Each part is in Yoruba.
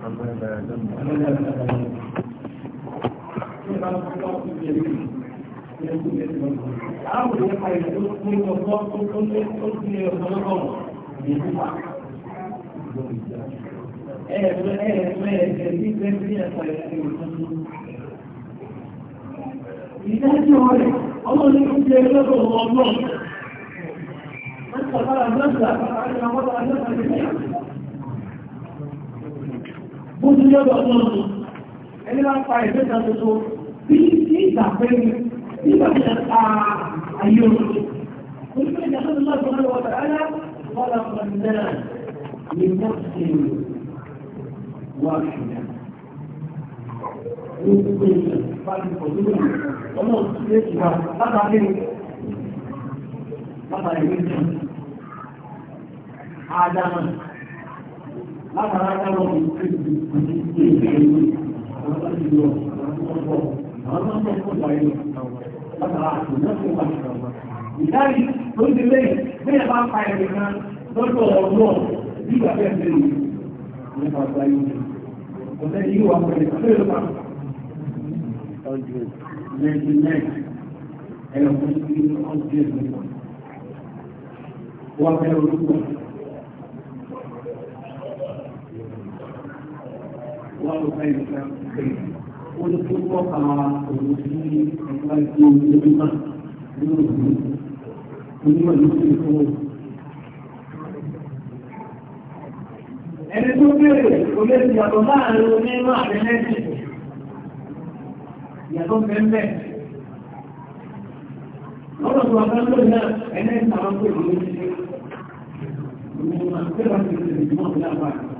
Ẹ̀ẹ̀rẹ̀ ẹ̀ẹ̀rẹ̀ ẹ̀ẹ̀rẹ̀ ní gbẹ́gbẹ́ ẹ̀ẹ̀rẹ̀ ẹ̀ẹ̀rẹ̀ ìdájọ́ rẹ̀ ọlọ́rin ń jẹ lọ́dọ̀ ọlọ́run. Wọ́n tàbára lọ́dọ̀ àwọn àwọn àwọn àwọn àwọn kó sí lọ́dọ̀ náà ni ẹni máa ń pa ẹ̀fẹ́ kan tuntun bí sí ìgbà pẹ́ẹ́rẹ́ bí ìgbà tí a ta ayé orí onígbà ìjà tó ń lọ sọ́dọ̀ wọ́n tà áyá wọ́n lọ sọ náà ni wọ́n ti wá ṣùgbọ́n ní gbogbo ìgbà bá ti pọ̀ lórí ọmọ òṣìṣẹ́ ìgbà lábàá nínú lábàá ìwé ìjọba ádámà látara kálọ̀ ní kíkì ní ìgbé ìgbé àwọn tó ti lọ àwọn tó ń bọ̀ fún wáyé látara àtúnyẹ́ fún wa. ìdárí tó ti lé bẹ́ẹ̀ bá pa ẹ̀rẹ̀ kan ọjọ́ ìrẹsì ọjọ́ ìrẹsì الله خيرك خيرا ولكل وقع المسلمين يكون لما لما يسلكون ẹni tó bèèrè kò lè yàtọ̀ láàrin onímọ̀ àbẹ́lẹ́sì yàtọ̀ bẹ́ẹ̀ lọ́dọ̀ tó wà lọ́dọ̀ náà ẹni tàwọn pẹ̀lú onímọ̀ àbẹ́lẹ́sì onímọ̀ àbẹ́lẹ́sì onímọ̀ àbẹ́lẹ́sì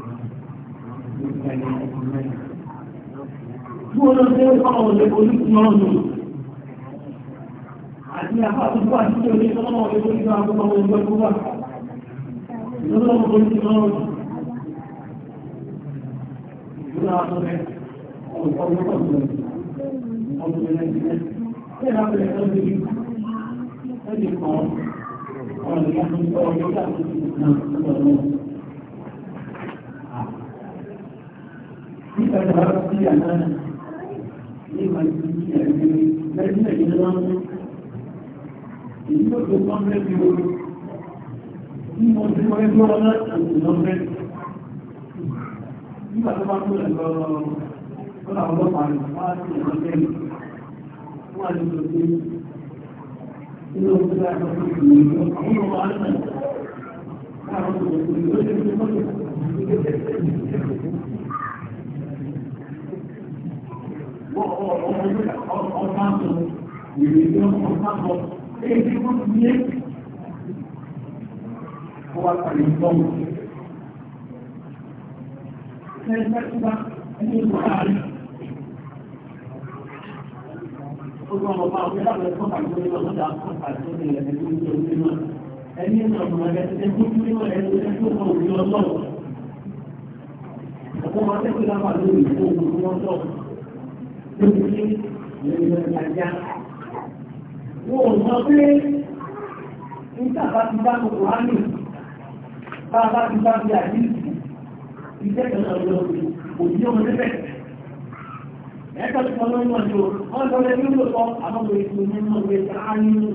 Tí wọ́n lọ sí ọmọ ọ̀lẹ́ olùkún ọ̀nà. Àti àpapọ̀ àti ìjọba ọmọ ọ̀lẹ́ olùkún àkọ́kọ́ ọmọ ẹgbẹ́ tó wà. Ìjọba ọmọ olùkún ọ̀nà. Ìjọba ọmọ ọ̀lẹ́ olùkún ọ̀nà. Ọmọ ربي أمانة لما يعني لازم إنسان يقول لهم يقول يقول لهم يقول لهم nígbà tó bá tó ẹ̀lọ ọ̀rọ̀ ọlọ́pàá rẹ̀ wá sí ẹ̀rọ tẹ́lẹ̀ wọ́n á lè lọ sí inú ọdún tó yàtọ̀ sí ìlú àwọn ọmọ àná láàárọ̀ tó lọ sí ìlú tó lè fi mọ́tò Ẹni ìrọ̀mọ̀ ẹgbẹ́ ti tẹ́kú tí ó rẹ̀ ti tẹ́kú ọ̀rọ̀ ìlọ́lọ́rọ̀. Ọkọ́ máa tẹ́kú lápàá lórí ìfowópamọ́ lọ́wọ́. Wọ́n sọ pé ìtàbá ti bá gbogbo á nì, bàbá ti bá bí àdíjì, ìjẹ́ ìjọba lọ́wọ́ òbí ọmọ níbẹ̀. Ẹ̀ẹ́kọ́ ti fọ́nà ìmọ̀ ìjọ, wọ́n sọ lẹ́bí ó lọ́kọ́ àmọ́gbẹ̀ ìṣòro nínú ọgbẹ̀ sáà nínú.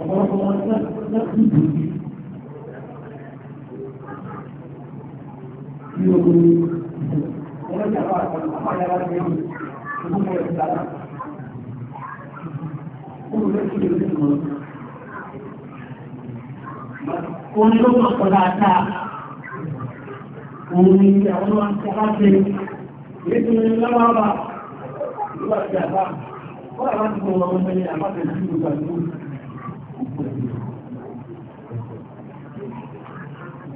Ọ̀pọ̀lọpọ̀ wọn lọ́kùn ìbòjì. Bí ogun Orin ló pọ̀ pọ̀ Òun ni àwọn ọmọ ti aláṣẹ. Nítorí lọ́wọ́ bá, ìwà ìjàmbá, wọ́n àwọn ti mọ̀ ọmọ ẹni àbájẹ̀ sí ìgbàgbọ́.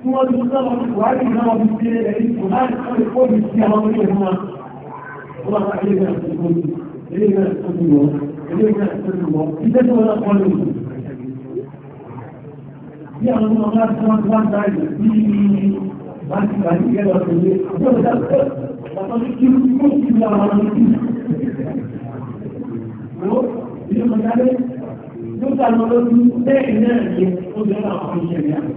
tí wọ́n ti sọ́lọ́ ìwádìí náà wọ́n ti ṣe ẹ̀rí kò láti sọ ìkó mi sí àwọn ọmọ ìlú wọn. Ó bá pàdé ìgbà tó kó mi, ilé ìgbà tó kó mi wọ́n, ilé ìgbà tó kó mi wọ́n, iṣẹ́ tó wọ́n kọ́ lóòrùn. Bí àwọn ọmọ ọmọ láti wọ́n wá dá ìlú sí láti bàjẹ́ gẹ́gẹ́ lọ sí ilé, ọjọ́ ìdá ọ̀tọ̀ ní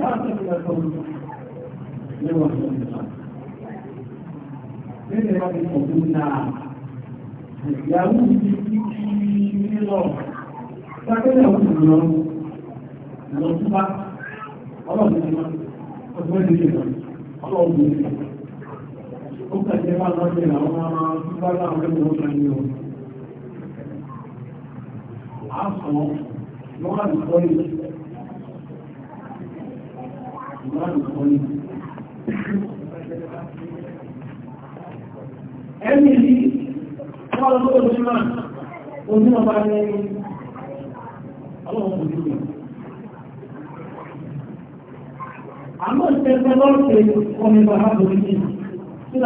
káàkiri ẹ̀kọ́ ti pọ̀ náà, ìyàwó ti kí ní lọ, sákẹ́lẹ̀ ọ̀hún lọ, lọ sí bá, ọlọ́run ti ní o. Àásọ̀ wọn wá lùkọ́ ẹni yìí wọ́n lọ máa ojú ọba ní àmọ́ lọ́pẹ̀ ọmọ ìbára bòrí ní sí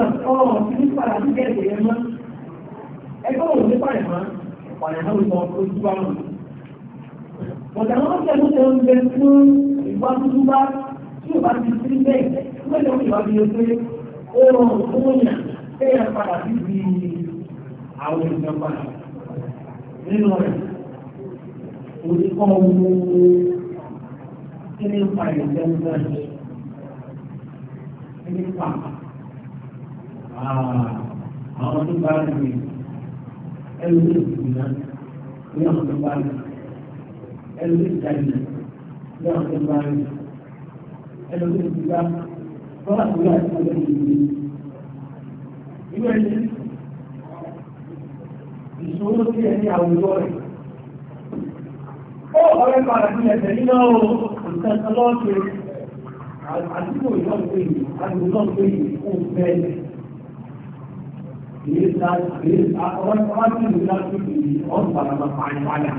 ní padà sí kẹ́ẹ̀kẹ́ ẹgbẹ́ òun ní ojú bá tí o bá ti sí bẹ́ẹ̀ mẹ́lẹ̀ ó yọ̀ bí o pé ó rọrùn fún yàn pé ẹ padà sí ibi àwọn èèyàn padà nínú rẹ̀ òní kọ́ owó kí pa ìjẹ́ ń pa ah, àwọn tó bá rẹ̀ mi ẹlú ní ìgbìmọ̀ ní ọ̀sán bá rẹ̀ ẹlú ní ìdájọ́ ní ọ̀sán bá rẹ̀ ẹlòmí ti gbá bọ́lá tó yà sí ọjọ́ ìlú. Ìwé ẹni ìṣòro sí ẹni àwùjọ rẹ̀. Ó ọ̀rẹ́ padà sí ẹsẹ̀ nínú nǹkan kan lọ́ọ̀ṣe àdúgbò ìlọ́ọ̀gbé yìí àdúgbò ìlọ́ọ̀gbé yìí fún ìlú láti ìlú ọ̀rùn padà máa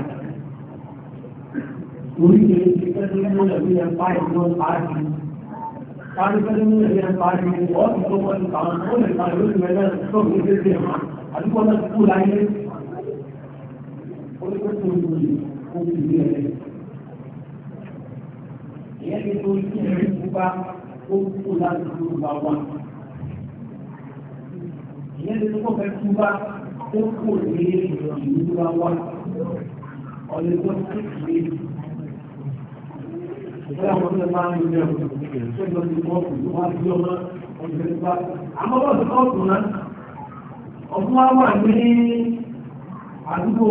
Orí kìí ṣe kẹ́kẹ́ nínú ẹ̀mí ಕಾರ್ಯಕ್ರಮ ಕಾರ್ಯ ಅನುಕೂಲ ಸ್ಕೂಲ್ ಆಗಿದೆ Olha, eu estou ìfẹ́ àwọn tó lè máa ń lè ọ̀pọ̀ tó ń lọ sí ọkùnrin wá sí ọmọ ọ̀pẹ̀lẹ̀ pa àmọ́ bọ́ọ̀sì ọkùnrin náà ọdún wa wà ní àdúgbò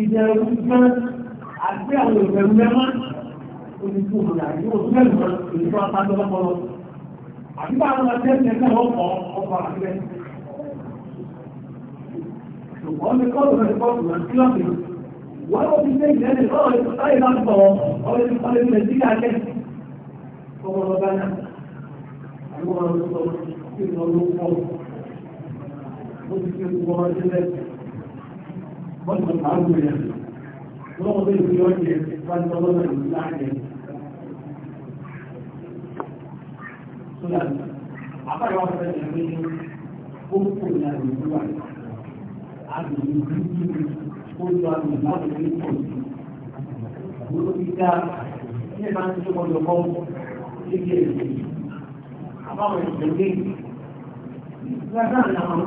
ìdẹ̀rù gan àti àwọn ìbẹ̀rù mẹ́mọ́ olùkú òmìnira yóò tún mẹ́rin mọ́ èyí tó apájọ́ lọ́pọ̀lọ́ àdúgbò àwọn ọmọ tẹ́lẹ̀ náà wọ́n kọ́ ọkọ̀ àgbẹ̀ ṣùgbọ́n mi kọ́ wọ́n ló ti gbé ìlẹ́ni lọ́wọ́ ìtọ́sáyé náà pọ̀ ọ̀rẹ́ ti pọ́lẹ́ ilẹ̀ sí kàkẹ́ ọmọ ọba náà àwọn ọmọ ọlọ́sọ sí ìlọ ló pọ̀ ó ti fi gbogbo ọmọ sílẹ̀ wọ́n ti máa ń gbé lọ́wọ́ tó ìfi ọ̀jẹ̀ wọ́n ti ọlọ́nà ìlú láàyè sólà àbáyọ̀ wọn fẹ́ ṣe pé ó kò ní àgbègbè wà àgbègbè ó lọ àmì láti rí pò sí. Gbogbo ti dá ní ẹ̀ka ń tó kọjọ kọ́ lébi ẹ̀sìn. Àbáwọn ẹ̀sìn lé. Gbàgbá àwọn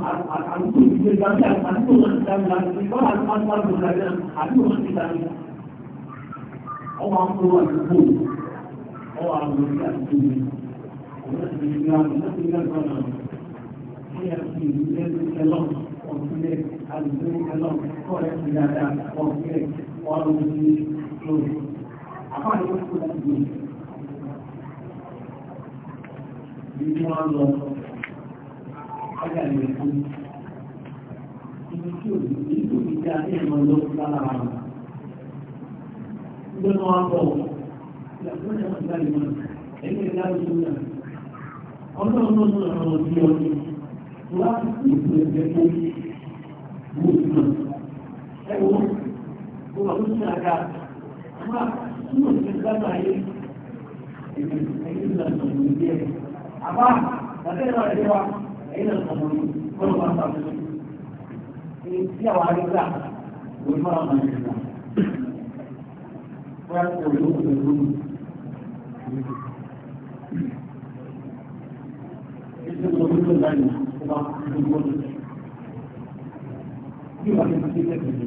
àdúgbò ti gbé gbàgbé àdúgbò wọn ti dàgbà láti bá àdúgbò wọn ti dàgbà àdúgbò wọn ti dàgbà. Ọwọ́ àpò àdúgbò ọwọ́ àpò àdúgbò ọ̀rẹ́ ti gbé gbàgbé láti gbàgbà náà. Ó yẹ kí ìlú ẹgbẹ́ ẹlọ́run òkúlẹ̀ àdúgbò ẹlọ́n kọ́rẹ́ sí dáadáa ọ̀kúlẹ̀ ọ̀rọ̀ òkú lórí. Àpáàdé ó kú láti gbé. Bí wọ́n lọ ọjà lè kú. Ibi tí ò ní èyí tó fi dá ní lọ lára wọn. Gbọ́dọ̀ wọn bọ̀ ìyàtọ̀ ìjọba ìgbàlejò ẹ̀yìn ìdájọ́ náà. Ọlọ́run ló ń rọrùn bí ọdún. Láti ìpínlẹ̀ kuma sun suna ga amma suna cikin zama yi a yi da samun biyar amma ba zai yana da yawa a yi da samun wani ba sa su yawa ne za wani mara mai da ba ya koyi da ruru Ita da mutum da ne kuma duk wani bí wọ́n ti fi ṣe tẹ̀lé.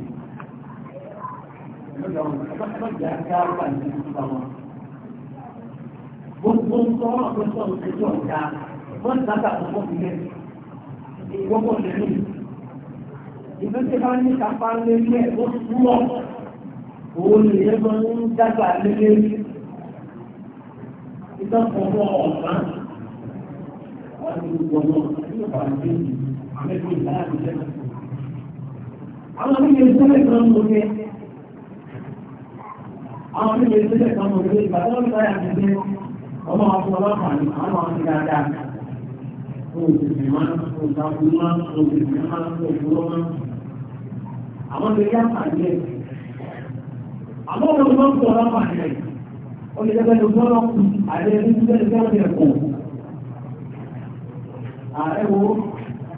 Ọjà ká wà ní ìgbà wọn. Gbogbo nǹkan wọn tó sọ ìṣẹ́jọ́ ọ̀gá, wọ́n sábà kọ́kọ́ fi lẹ̀. Ìgbọ́kọ̀ lẹ́nu. Ìgbésẹ̀ bá ní kápá lórí ẹ̀ ó túwọ́. Òun lè yẹ máa ń dàgbà lélẹ́rí. Ìtọ́kọ̀ọ́ ọ̀gbọ́n. Wọ́n ti gbogbo ọ̀gbọ́n nípa ìgbésẹ̀ àmẹ́kùnrin láàrin jẹ́ àwọn ilé ìṣẹ́lẹ̀ kan mọ̀ ní àwọn ilé ìṣẹ́lẹ̀ kan mọ̀ ní ìgbàlọ́rùn láyà ti dé ọmọ ọlọ́pàá ní àwọn ọmọ dáadáa Àwọn ilé yá pàdé àwọn ọmọ ọmọ ọmọ ọmọ àyẹ̀ olùdẹ́gbẹ́ ló gbọ́rọ̀ kù àyẹ̀ ẹni tí wọ́n gbọ́rọ̀ yẹ̀ kù. Ààrẹ wo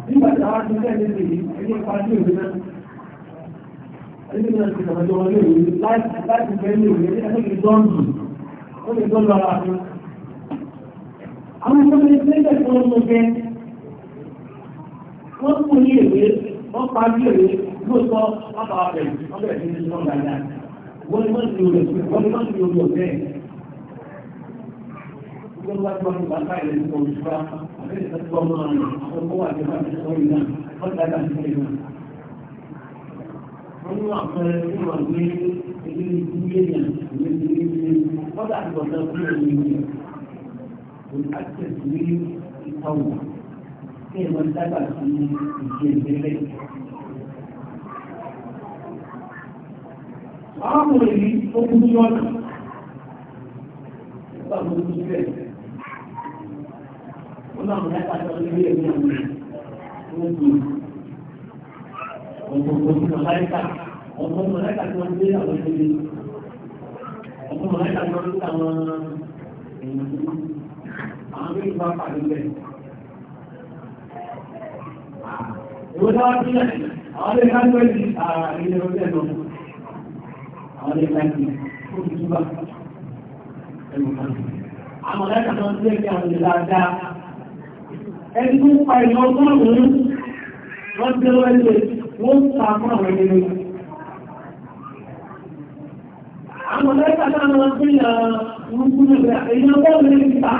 nígbà tí àwọn ti fẹ́ẹ̀ lé lè ní ẹni pàdé òwe náà nínú àwọn ìjọba ilé ìgbẹ́ tí wọ́n mú jẹ wọ́n kú ní èwe wọ́n pa ní èwe lóòótọ́ pápá ọbẹ̀ ọbẹ̀ tí ní wọ́n ni wọ́n ti rò lọ́sùn ọmọ wa ti nínú àpẹẹrẹ tí wọ́n gbé ilé ìdílé yẹn ní ilé ìdílé wọ́n dà bọ̀ sọ fún ẹ̀mí yẹn kò access ní ìtawọ̀ kí ẹ̀mọ́ dábàá sí ìdí ìdílé. Arákùnrin yìí ó kú sí ọ̀nà nígbà tó kú sílẹ̀. Ó náà mú láti àtọ́ ilé ẹ̀mí àwọn ọmọ rẹ̀ tó ń gbé ọ̀pọ̀ sí màláìkà ọ̀pọ̀ màláìkà tí gbé àwọn ìdílé ọ̀pọ̀ màláìkà tí wọ́n gbé àwọn èèyàn àwọn méjì bá pàdé bẹ́ẹ̀. Ìwé táwọn sílẹ̀ àwọn lè ká gbé gbé Àwọn màláìkà wọ́n ń ta fún àwọn ẹni lórí. Àwọn ọ̀lẹ́ta náà wọ́n fi ń rúkú lẹ́gbẹ̀ẹ́ èyí ọgbọ́n mi ní ta.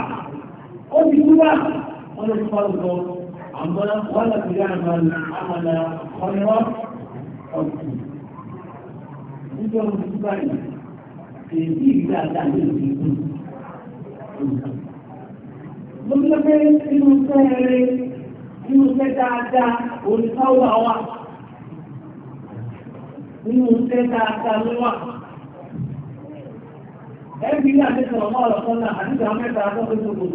Ó ti kú wá, wọ́n lè fọ́ lọ. Àmọ́ wọ́n lè fi dáhùn àwọn ọ̀nà ọ̀gbìn. Nígbà wọn ti báyìí, èyí ìgbà àdáyé ti kú. Mo ní pé inú fẹ́ rẹ̀, inú fẹ́ dáadáa, òní káwọ́ àwọn nínú iṣẹ́ dáadáa ló wà. Ẹbí ní àti sọ̀rọ̀ mọ́ ọ̀rọ̀ sọ́nà àti ìgbà mẹ́ta àtọ́kùn gbogbo.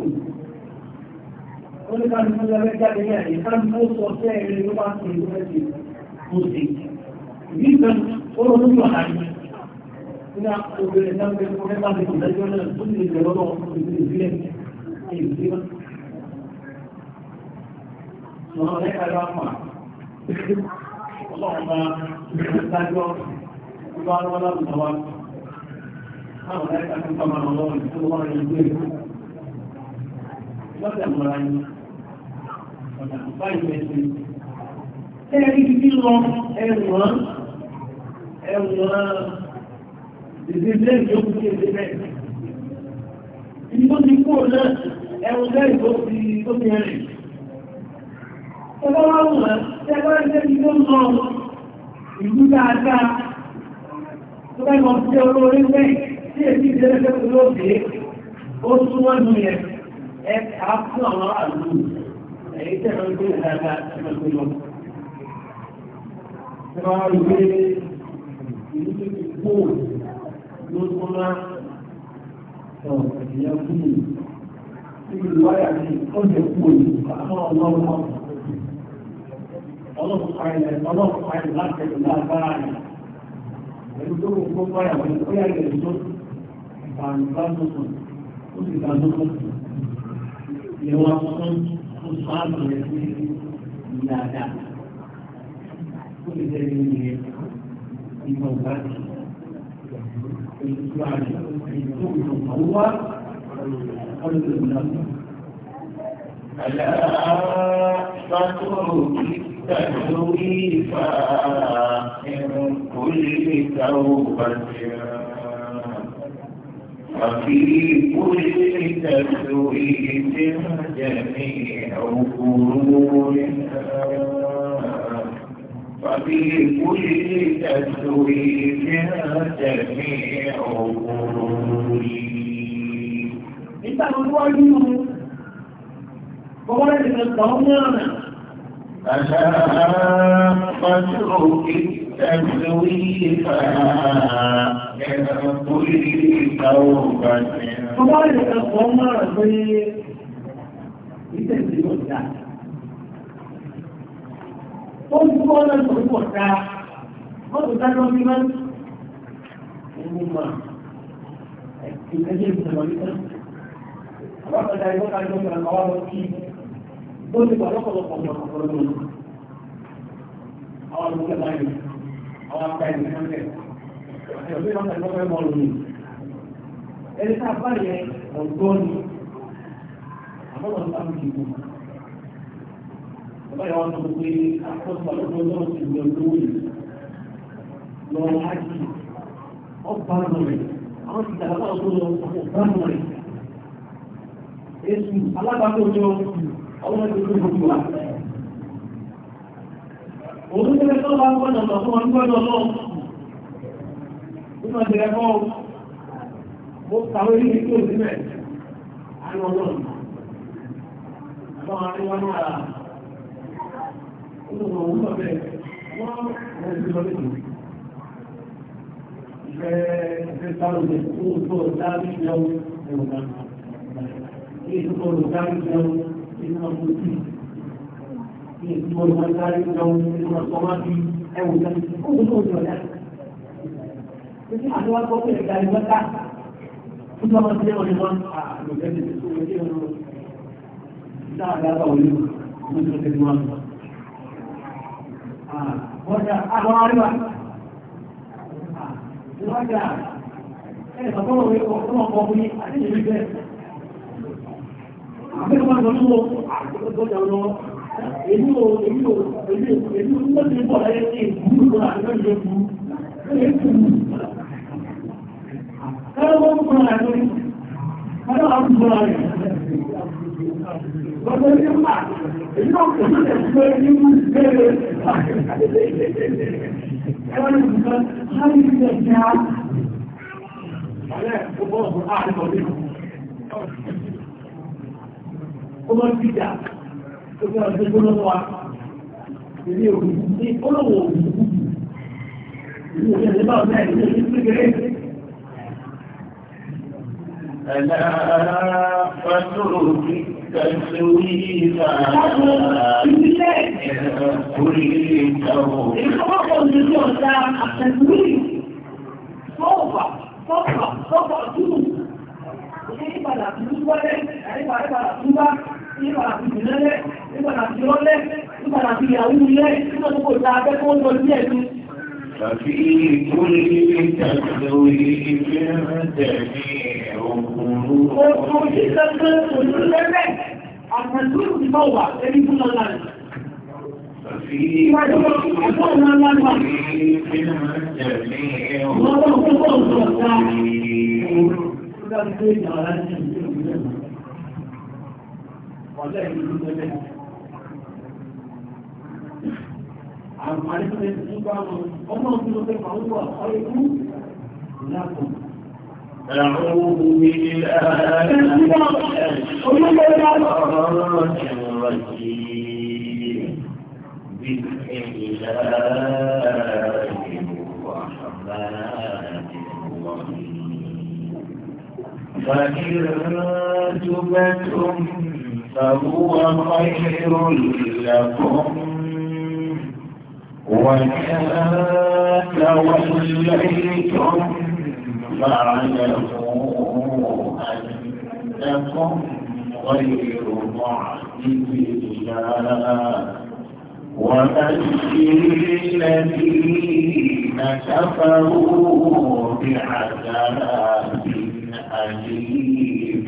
Ó ní káàdì fún ẹgbẹ́ jáde ní àyè káàdì ó sọ sí ẹ̀rẹ́ ló bá ti ìlú ẹ̀sìn mo sì. ó lọ lórí ọ̀nà Ní obìnrin náà fún mẹ́ta ti kò lẹ́jọ́ náà tó ti lè lọ́wọ́ ìdílé ìbílẹ̀ ayò Sọ̀rọ̀ ọlọ́ọ̀bá ìdájọ́ ìbá lọ́wọ́ láwùjọ wa káwọn láìka tó kọ́ máa lọ́wọ́ ìlú tó wà ní ìlú èkó lọ́sẹ̀ mọ́ra yìí ọ̀nà àbá ìfẹsẹ̀ tẹ́ẹ̀rí bí lọ ẹ̀wọ̀n ẹ̀wọ̀n ìdílé ìjókòó ti ẹ̀dẹ́ bẹ́ẹ̀ ìdíbò ti kúrò náà ẹ̀wọ̀n lẹ́yìn tó ti rìn Ẹgbẹ́ wọ́n wọ́n tẹ́gbẹ́ ìdẹ́bí tó ń mọ ìlú dáadáa. Tó bá ìmọ̀ sí olóorí mẹ́ tí èsì ìdẹ́lẹ́gbẹ́ tó ló dé, ó súnmọ́ nù yẹn. Ẹ kà á fún àwọn àlù ẹ̀yìn tẹ̀lé ń gbé dáadáa ẹgbẹ́ tó lọ. Ṣé wọ́n rí pé ìlú tó ti kú ló súnmọ́ ọ̀rọ̀ ìyẹn kú ìlú wáyà ní ọ̀dẹ̀ kú òyìnbó àmọ́ ọlọ́run ọ̀rọ̀ ọlọ́pùpù ayẹyẹ láti ẹ̀dùn náà bára rẹ̀ ẹ̀dùn tó kún fún báyà wọ́n ó yà ẹ̀dùn tó ìbànúbá tuntun ó sì gbà lókun ìwà tuntun ó sáàbù rẹ̀ sí ìyàdá ó lè jẹ́ ní ìyẹn ìmọ̀ ìbájú ìtura rẹ̀ ètò ìrọ̀mọ́wá ọlọ́pùpù náà. ألا تتركي تكويفا من كل توبة وفي كل تسويف جميع قلوبنا وفي كل تسويف جميع قلوبنا Bọ́bá ẹ̀sìn ẹ̀kọ́ ọmọ ọ̀nà فتحقته Àwọn akọ̀dà ìwọ́n kájọ́ ìgbà kan wá lọ sí ibi bó ti wà lọ́pọ̀lọpọ̀ ọ̀pọ̀lọpọ̀ lọ́wọ́ àwọn olùkọ́ báyìí àwọn apá ẹ̀mí lọ́lẹ̀ ẹ̀mí lọ́pọ̀ ẹ̀mí mọ́ lónìí ẹni tá a bá yẹ ọ̀gbọ́n ni àbọ̀lọ̀ ń bá mi dìbò bàbá yà wọn sọ pé àkọsọ ọlọ́pọ̀ lọ́wọ́ ti lọ lówó yìí lọ ájì ọba rẹ̀ àwọn ti dàgbà ọ̀gbọ́n lọ ọba rẹ̀ èsù alábàákòjọ ọmọ tuntun gbogbo wa. Òun tẹ́lẹ̀ tó bá gbọ́dọ̀ lọ fún ọdún gbọ́dọ̀ lọ. Nínú ọ̀dẹ̀rẹ̀ kọ́ mo kàwé ní ìlú òsínbẹ̀. Àwọn ọlọ́run. Àwọn àríwá náà rà. Ó tó mọ̀ òun Wọ́n mọ̀ sí lọ́bẹ̀ Ìfẹ́ ìfẹ́ sáré òde tó ń bọ̀ ìyàwó ẹ̀wọ̀n náà. Ilé ìtúkọ̀ òde sáré ìyàwó nínú ọdún sí ní ìlú ọdún agbárí lọ́wọ́ nínú ọ̀sán máa fi ẹwù sẹ́ni kó o tó jọ dá. Ṣé àti wá gbọ́ pé ìgbà ìgbà ká fún ọmọ sí ẹ̀wọ̀n ni wọ́n á lò lẹ́sẹ̀ tó ṣe kí wọ́n dá àgbà wọlé ní oṣù tó ti wọ́n. Bọ́dà àwọn àríwá. Bọ́dà ẹ̀ bàbá òwe ọ̀pọ̀lọpọ̀ ọkùnrin àti ìrìn bẹ́ẹ̀. Ọlẹ́ ọgbọ́n ọmọ ìgbìjà tó fẹ́ ọdún tó lọ́wọ́ wa ìdí òkú ní olówó òkú ìdí òkú ìdí bá ọ̀dá ìdí òkú tó kéré. ألا فترك التسويف كل توبة التسويف سوف سوف سوف أتوب أعيب على أتوبة أعيب على أتوبة nígbàrà ti ìlẹ́lẹ́ nígbàrà ti rọ́lẹ́ nígbàrà ti ìyàwó ilẹ́ nígbàrà tó kò ta akẹ́kọ̀ọ́ lọ sí ẹ̀mí ففي كل تدوير جميع قلوب ففي كل أعوذ بالله من الشيطان الرجيم بسم الله الرحيم فإن تبتم فهو خير لكم وإن توليتم فاعلموا أنكم غير معجز الله وبشر الذين كفروا بعذاب أليم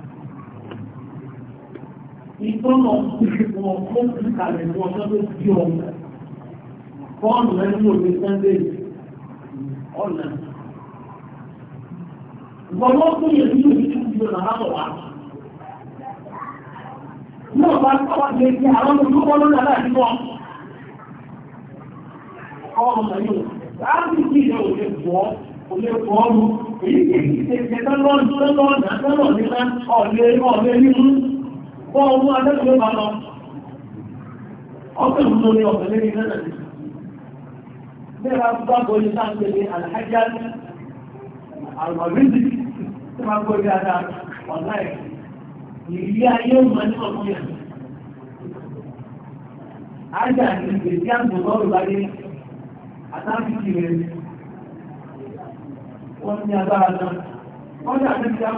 ìtọ́nà wọn fún ìkàlẹ̀ fún ọjọ́ tó di ọmọ fọ́ọ̀nù rẹ̀ ní òde sunday ọ̀nà ìgbọ̀nà fún yẹn ní òde tó di ọ̀nà lábọ̀ wá náà bá tọ́wọ́ lè di àwọn olùkọ́ lórí aláàdúgbò ọmọ yìí láti ọmọ èyí ṣe ṣe ọ̀lẹ́ ọ̀lẹ́ nínú bọ́ ọmọ adẹ́gbẹ́ bá lọ ọkọ̀ ìlú ní ọ̀pẹ̀ lórí náà bẹ́ẹ̀rẹ̀ bá bọ́ ilé sáà ń pèlè alhajar almarinzi tí máa gbọ́ ayé ní wọ́n agbára náà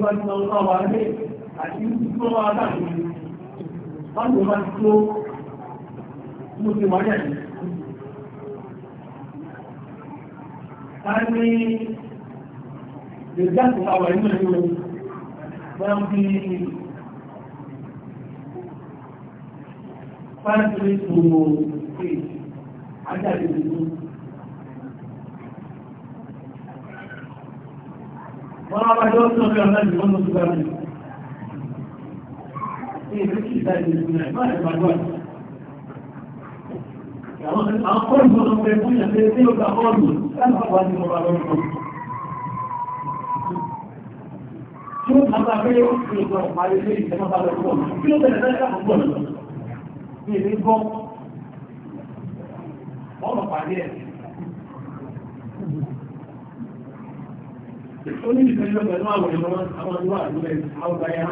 wọ́n àti tó wá láti báwo bá ti tó mú sí wá jẹ́ ta ní lè dáàbò àwà inú ẹ̀rọ wọ́n fi fáńtì tó ṣe ajáde tuntun wọ́n wá bá jọ́ sí ọjọ́ náà ìwọ́n tó ti Tí ó tàbí pé ó fi ìjọ parí lé ìjọba bá lọ tí ó bẹ̀rẹ̀ lẹ́yìn àkọ́kọ́ lọ, ní èdè gbọ́, ọmọ pàdé ẹ̀. Ó ní ìfẹ́ ìjọba ẹ̀lú àwọn ìjọba àwọn ìwà àdúgbẹ̀ àwọn ìgbàyà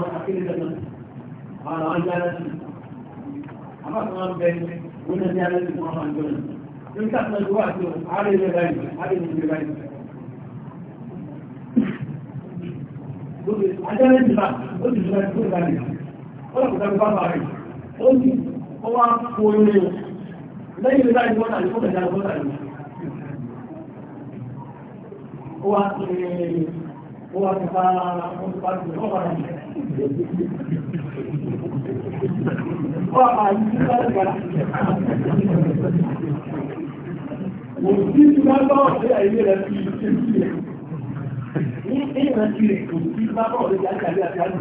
àwọn àwọn ajá lẹ́sìn àmọ́ tí wọ́n bẹ wọ́n ní ajá lẹ́sìn fún àwọn àjọ náà ní sáfẹ́ ìlú wà tí ó àárẹ̀ ilẹ̀ báyìí àárẹ̀ ilẹ̀ báyìí ajá lẹ́sìn bá ó ti jùlọ ẹ̀kọ́ ìbáyìí ó lọ́pọ̀ tẹ́lú bá bá rẹ̀ ó sì ó wá kó ilé o lẹ́yìn ilé báyìí wọ́n àlùkò tẹ̀lé àlùkò tẹ̀lé ó wá ti ó wá ti bá ó ti bá ti ó wá ti bá Mo sí ti máa bá ọ̀rẹ́ ayé rẹ̀ fi ṣe sí ẹ̀. Ní ìrántí rẹ̀ kò sí máa bá ọ̀rẹ́ jáde àbí àbí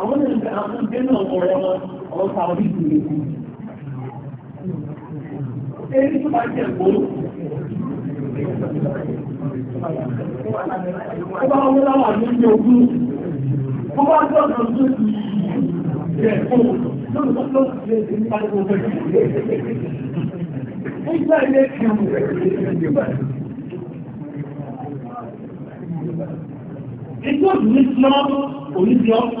àwọn ènìyàn àwọn ìgbẹ́nà ọ̀rẹ́ wọn ọ̀rọ̀ sàwọn ìlú rẹ̀ kú. Èyí tó bá jẹ́ ìgbòho. Ó bá wọ́n láwà ní ilé ogún. Ó bá jọ́ ọ̀dọ̀ tó ti jẹ́ ìgbòho. Lọ́nà tó ti lè ṣe ní pàdé Nígbà ilé kìí Ìjọ́ ìdílé tí wọ́n oníṣẹ́ ọ̀pọ̀.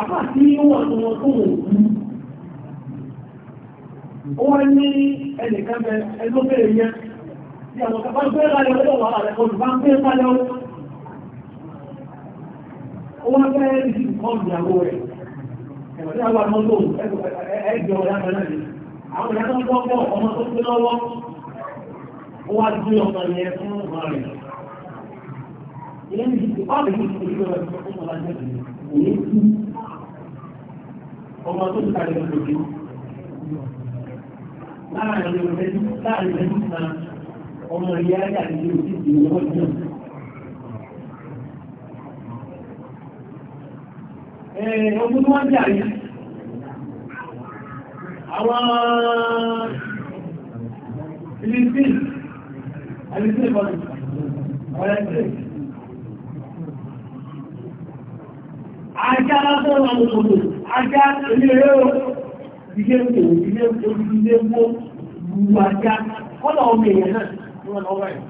àbá tí wọ́n tó wọn tó wọ́n kú ó wá ní ẹnìkan ẹlọ́bẹ̀rẹ̀ yẹn tí àwọn kan ń gbé láyọ̀ lọ́wọ́ wà rẹ̀ kọlù bá ń gbé láyọ̀ ó wá fẹ́ rí sí kọlù ìyàwó rẹ̀ ẹ̀wọ̀n tí àwọn ọmọ lòun ẹgbẹ̀ ọ̀rẹ́ àmọ́ náà ni àwọn ìyá tó ń gbọ́ ọmọ tó gbé lọ́wọ́ ó wá gbé ọmọ yẹn fún ọmọ rẹ̀ ìyẹn ní ìdíje báwo ni ìdíje ọmọ rẹ̀ fún ọmọ rẹ̀ ọmọ tó ń kàrí òjòjì láàrin ọmọdé láàrin ẹni kan ọmọ ìyá ayà ní ojú ìdí owó náà. Ọdún tó wọ́n jà ní àwọn Philippines, Philippines bọ́lá, ọ̀rẹ́ Philippines. Ajá lásán wọn lòdò ajá ilé o ilé o ilé o ilé ajá kọ́lọ̀ ọmọ èèyàn náà ni wọ́n lọ́wọ́ ẹ̀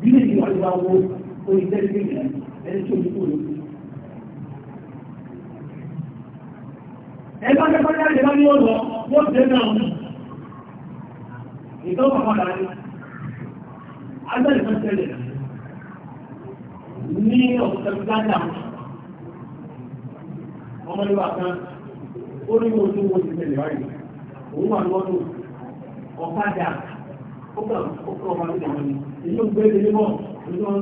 bílẹ̀ ìwà ìwà wo orí tẹ́lifíṣẹ̀ ẹni tó ní kúrò ẹgbẹ́ pẹ́pẹ́lá ìjọba ní ọ̀rọ̀ wọ́n tẹ́ náà mú ìtọ́pàá padà ní agbẹ́rẹ̀ pẹ́pẹ́lẹ̀ ní ọ̀pọ̀ ọmọlúwà kan ó ní ojú wo ti òun wà lọ́dún ọ̀kadà ó kàn ó kàn gbé ilé mọ́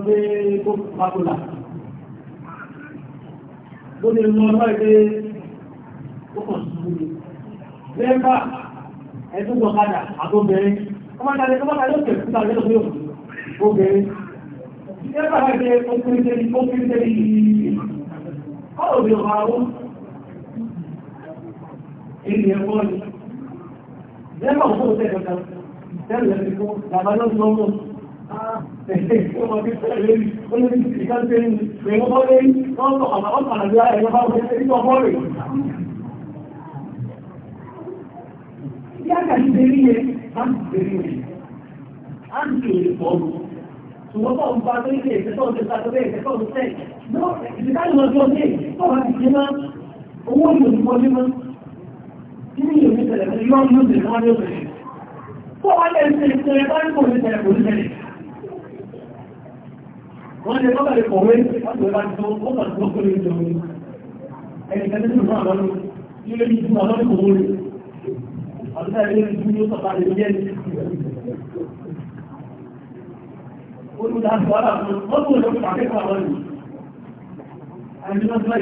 èyí ń kó mákòlà ó ní ẹgbẹ́ ó kàn èyí ẹ̀kọ́ ni lẹ́gbà òkú òtẹ́ ẹ̀kọ́ tẹ́lẹ̀ ẹ̀kọ́ bàbá lọ́dún lọ́mọ́ Ẹ̀ṣẹ́ ìṣọ́mọ́ bí tẹ́lẹ̀ lórí, ó lórí ìkàntẹ́ ní, ẹ̀yọ́ bọ́ lórí, wọ́n tọ̀ àwọn ọ̀pàá àdúrà ẹ̀yọ́ bá wọ́n tẹ́lẹ̀ ní ọmọ rẹ̀. Yáàkà ní tẹ́lẹ̀ yẹ, bá ń tẹ́lẹ̀ yẹ. Á ń tẹ́lẹ̀ bọ́ọ̀lù. Ṣùgbọ́n bọ́ọ̀ ń bá tó ń ṣe ìṣẹ́tọ́ ọ̀sẹ̀ sàtọ́lẹ̀ ìṣẹ́tọ́ ọ̀sẹ̀. Ìṣẹ́tọ́ ọ̀sẹ̀ kí ni ìròyìn tẹ̀lẹ̀ fún yọ́ ní òṣèlú wọn ní òṣèlú kó wọ́n lè ṣe ìṣẹ̀lẹ̀ bá ń kò ní tẹ̀lẹ̀ kò ní tẹ̀lẹ̀ wọ́n lè kọ́kà lè kọ̀wé wọ́n lè bá tó kọ́kà tó kọ́ lè jọ ẹni tẹ́lẹ̀ tó fún àwọn ilé ní fún àwọn kò wọlé àbúrò ilé ní fún yóò sọ̀tà lè jẹ́ olùdásọ̀ àwọn ọmọ olùdásọ̀ àkẹ́kọ̀ọ́ àwọn ènìyàn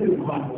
àìmọ́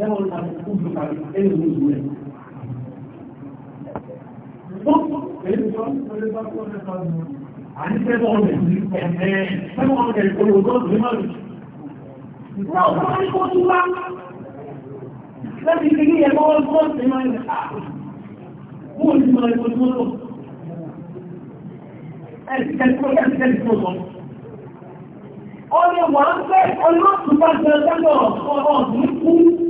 ẹwọ́n ta ń rà. Mú jẹ́ ọjọ́ ọ̀tún kú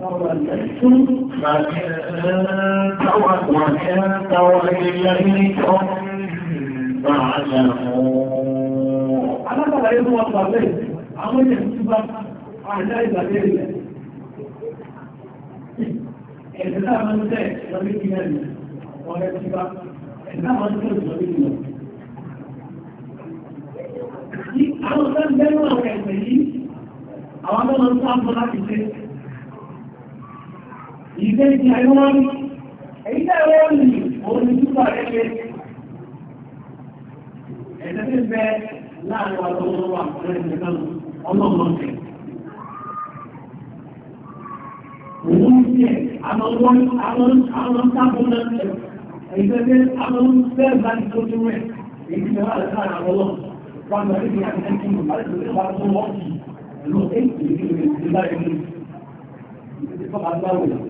وإن توليتم فاعلموا على ما يدعو الضالين عمل يحسب أعداء الضالين إذا ما نتاج ربيك نبي ويحسب إذا ما نتاج ربيك نبي Àwọn ọ̀sán bẹ́rẹ̀ wọn kẹ̀kẹ́ yìí, àwọn ọmọ ọ̀sán bọ́lá ti ṣe ìgbésí ayé wọn ní èyí tẹ́ wọ́n ní òun ní túbọ̀ ẹgbẹ́ ẹ̀sẹ̀ tí ń bẹ láàrin wa tó wọ́n wà fún ẹgbẹ́ náà ọlọ́mọdé òun ti ẹ̀ àwọn wọn àwọn àwọn sábọ̀ náà èyí tẹ́ tẹ́ àwọn bẹ́ẹ̀ bá ti tó tún rẹ̀ èyí tẹ́ wà láàrin àwọn ọlọ́mọ wọn lọ níbi àti ẹni tí mo bá lè wá tó wọ́n kì í lọ sí ìdílé ìdílé báyìí ní ìdílé tó bá gbáwò yìí.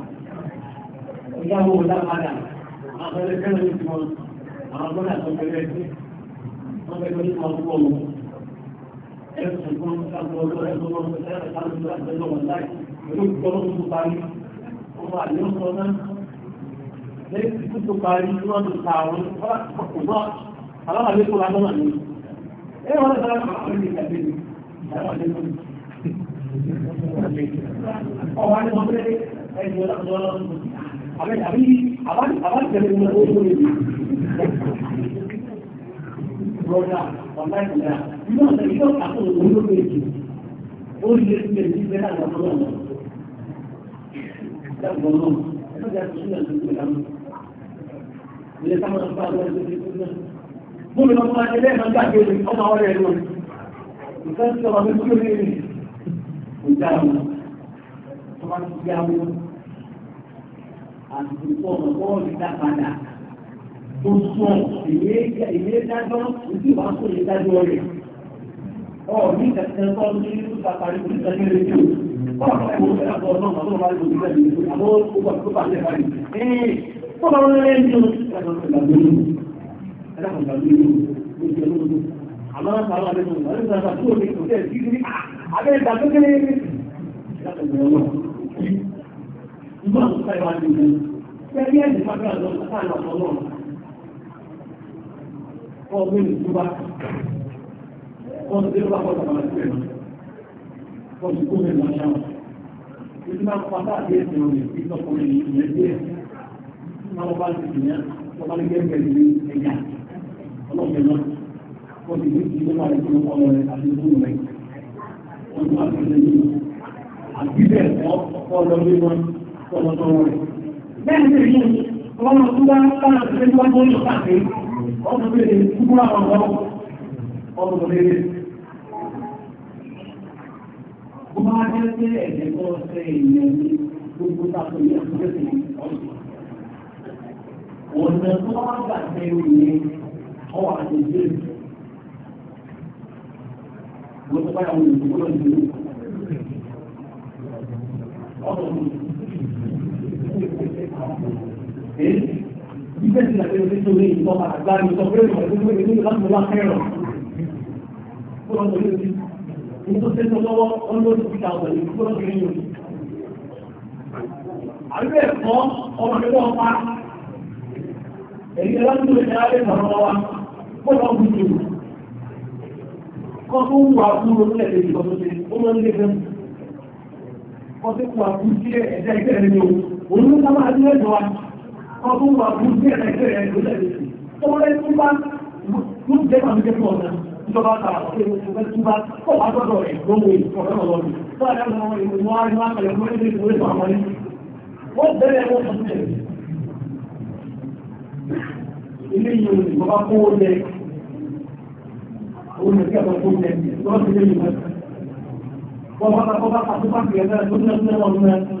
ìyàwó wọn lápadà àwọn ẹlẹ́gbẹ́ náà ní tiwọn àwọn ọgbọ́n àti ọgbẹ́ rẹ̀ sí wọn fẹ́ lórí wọn fún ọmọ ẹ̀sùn fún ọmọ ọgbọ́n ẹ̀sùn fún ọmọ ẹ̀sùn fún ọmọ ẹ̀sùn fún ọmọ ẹ̀sùn fún ọmọ ẹ̀sùn fún ọmọ ẹ̀sùn fún ọmọ lẹ́yìn tó tó parí tí wọ́n tó ta àwọn ọ̀pọ̀lọpọ̀ aláwàlékò lásánà ní ẹ wọ́n lọ́ta àwọn ìgbàgbé ní aláwàlékò ọ̀wá ní ọmọdé ẹgbẹ̀rún ọ̀pọ̀lọpọ̀ abin abin da nuna hoto ne rona wallahi da ina da ita a kan hoto ne ke hoto ne ke ji da na hoto ne da gono da ga shi da su da mu ne sama da ba da su da mu ne kuma da ne ga ke ne kuma hore ne mu san cewa mun kuri ne mu da mu kuma ya mu àtùkù ọ̀nà bọ́ọ̀lù dá padà. Tó sọ ìwé dájọ́ ojú wa kò lè dájọ́ rẹ̀. Ọ̀ọ̀ní kẹ̀kẹ́ tó ní ìlú pàpàrí orí kẹ̀kẹ́ rẹ̀ jù. Bọ́ọ̀lù ẹ̀kọ́ ìfẹ́ àbọ̀ náà tó wà lórí rẹ̀ ní àbọ̀ ó bá tó bá lẹ́fà rẹ̀. Ẹ̀ẹ́n tó bá wọn lẹ́yìn ní ọ̀dọ́ ìgbàgbọ́ ní. Ẹ̀dá kan gbàgbọ́ ní oúnjẹ lóòótọ́. Àmọ́ sàrọ̀ àbẹ́nu ọ̀rẹ́ sàrọ̀ Gẹ́gẹ́ bí ẹ̀sìn máa bẹ̀rẹ̀ lọ́nà sáànà ọ̀pọ̀lọ́ ọ̀gbìn ìjọba ọ̀sẹ̀ ìjọba ọ̀pọ̀lọpọ̀ àwọn ẹgbẹ́ rẹ̀ ọ̀sẹ̀ kó mẹ́rin máa yáwọn. Ìjọba máa ń pàtà àti ẹ̀sìn ọ̀rẹ́ ìtọ́kùnrin ní ìyẹn díẹ̀. Máa wọ́n bá ti sì yẹn, wọ́n bá ní gẹ́gẹ́ bí ẹ̀yà ọlọ́pẹ̀ náà. Wọ́n ti ní ìjọba rẹ̀ fún ọmọ rẹ̀ àti ìlú rẹ̀. Wọ́n ti máa fi lẹ́yìn. Àbíbẹ̀ ẹ̀kọ́ ọ̀pọ̀ ọlọ́gbẹ́ wọn, ọlọ́gbọ́n rẹ̀ bẹ́ẹ̀ ní èyí wọ́n mọ̀ tó bá ń bá àti pé wọ́n tó ń pàdé ọmọ bèèrè kúkú àwọn ọmọ ọmọ bèèrè ó máa jẹ́ Dice la televisión de un toma la clave, un sombrero, para que no me quede dando la cero. Entonces no lo han notificado, ni fueron pequeños. Al ver, no, o me quedo a paz. El delante de la vez arrobaba, fue la oficina. Con un guapuro, no le digo, entonces, uno le dice, con un guapuro, es el que le digo òun ló sábà ní ẹ̀dọ̀ wa bá ló bá kọ̀ rẹ̀ lówó ìfọ̀rọ̀ ọlọ́run tó àdá ìwọ̀n àrí máa pẹ̀lẹ̀ mọ́ ilé ìwé ìwọ̀n àwọn ẹni wọ́n bẹ̀rẹ̀ wọ́n sọ sílẹ̀ ilé ìyọ̀ ìjọba kó o lẹ òun lè kẹ́kọ̀ọ́ kó o lẹ lọ́sílẹ̀ ìwọ̀n wọ́n bá kọ́ bá pàtó pàtó yẹn náà tó ní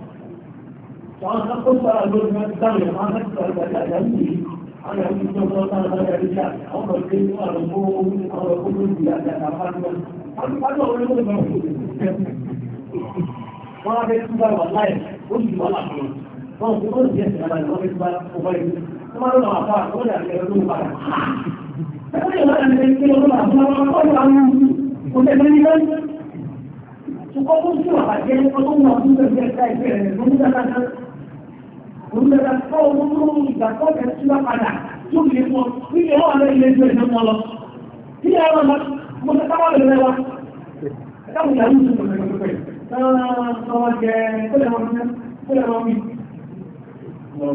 Àwọn wọ́n á fẹ́ tún wà láì ó sì wà láàbùn. Wọ́n kò tó jẹ́ ìsinmi àbáyé wọ́n fẹ́ tún bá ìlú. Wọ́n máa ń àpá àwọn ọ̀dà ló ń padà. Ẹgbẹ́ ìwọ́n àti ẹgbẹ́ ìwọ́n àti ọmọ ọmọ ọmọ kò tẹ̀lé ní lọ́yìn. Ṣùgbọ́n tó ń wà bàjẹ́ ọdún náà tó ń tẹ̀lé olùdókòwò tó owó tó ń gbà tó tẹ̀ sí wá padà tó lè mọ nílé wọn lọ ilé ìjọ ìjọ wọn lọ. Tí ẹ wọn lọ, mo ti káwọ́ lè rẹwà. Káwọn ìyàwó ti sọ̀rọ̀ lọ́wọ́ pẹ̀lú.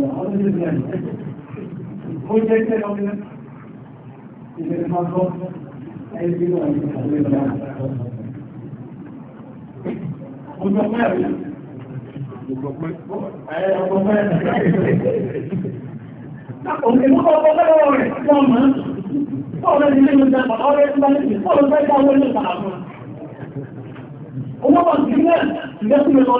Ọwọ́ Ìgbọ̀pẹ́. Ẹ̀ẹ́dọ̀gbọ̀pẹ́. Òun ni mo kọ́ ọ̀pọ̀ lọ́wọ́ rẹ̀ wọ́n mọ̀ ọ́n. Bọ́ọ̀lù ẹni lẹ́nu ìjọba ọ̀rẹ́ ń bá ní ìfọ́lù fẹ́ dáwọ́ ní ìpàdà fún un. Owó bá ti rẹ̀ ìgbẹ́kùnrin lọ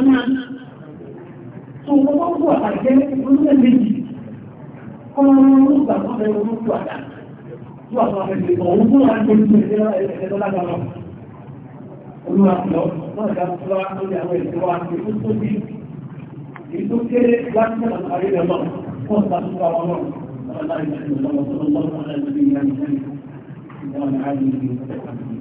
itu kere lakna hari Allah kota suka Allah Allah Allah Allah Allah Allah Allah Allah Allah